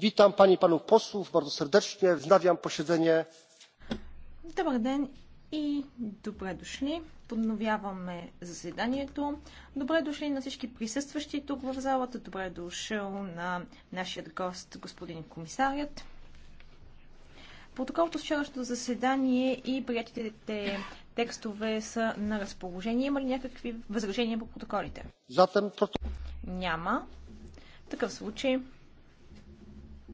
Witam panie i panów posłów bardzo serdecznie. Wznawiam posiedzenie. добре дошли. Добре дошли на всички присъстващи тук в залата. Добре дошъл на нашия гост, господин комисарят. Протоколът от вчерашното заседание и приятелите текстове са на разположение. Има ли някакви възражения по протоколите? Затъм... Няма. В такъв случай